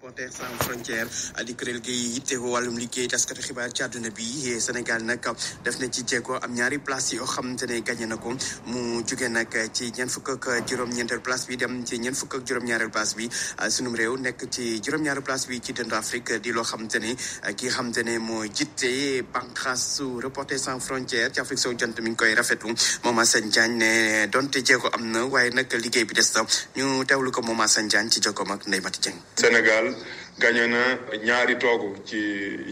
reporter sans frontière di kuréel gi yittewoo wàllum liggéey taskati xibaar ci àdduna bi Sénégal nag def na ci jéego am ñaari place yoo xamante gagné na mu jóge nag ci ñeent fukk ak juróom-ñeenteel place bi dem ci ñeent fukk ak juróom-ñaareel place bi sunum réew nek ci juróom-ñaareel place bi ci dënd Afrique di loo xamante ne ki xamante ne moo jitte banqaasu reporter sans frontière ci Afrique sow jant mi ngi koy rafetlu Moma Sane Diagne ne donte jéego am na waaye nag liggéey bi des ñu teewlu ko Moma Sane Diagne ci jokkoom Mati jeng Senegal Sénégal gañe na ñaari toog ci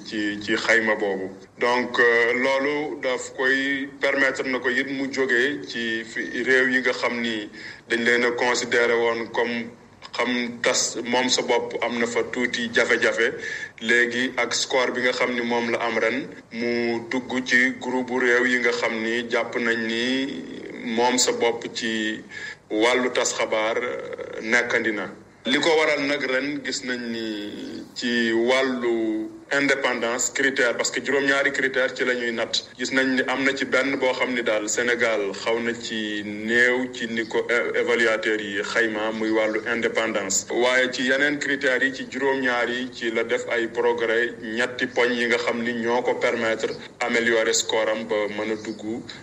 ci ci xayma boobu donc euh, loolu daf koy permettre na ko yit mu jóge ci fi réew yi nga xam ni dañ leen a considéré woon comme xam tas moom sa bopp am na fa tuuti jafe-jafe léegi ak score bi nga xam ni moom la am ren mu dugg ci groupe réew yi nga xam ni jàpp nañ ni moom sa bopp ci wàllu tas xabaar euh, nekkandi na li ko waral nag ren gis nañ ni ci wàllu independance critère parce que juróom-ñaari critère ci la ñuy natt gis nañ ni am na ci benn boo xam ni daal Sénégal xaw na ci néew ci ni ko évaluateurs yi xayma muy wàllu indépendance waaye ci yeneen critères yi ci juróom-ñaar ci la def ay progrès ñetti poñ yi nga xam ni ñoo ko permettre améliorer score ba mën a dugg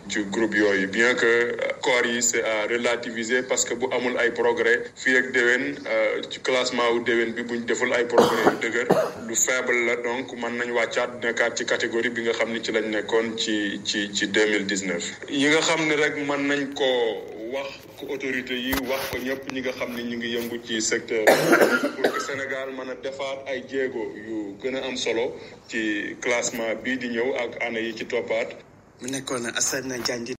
ci groupe yooyu bien que corps yi c'est à relativiser parce que bu amul ay progrès fii ak déwén euh, ci classement wu bi buñ deful ay progrès yu dëgër lu faible la donc mën nañ wàccaat nekkaat ci catégorie bi nga xam ni ci lañ nekkoon ci ci ci deux mille dix neuf yi nga xam ni rek mën nañ ko wax ko autorité yi wax ko ñëpp ñi nga xam ni ñu ngi yëngu ci secteur pour que Sénégal mën a defaat ay jéego yu gën a am solo ci classement bii di ñëw ak année yi ci toppaat. mu nekkoon Assane Diagne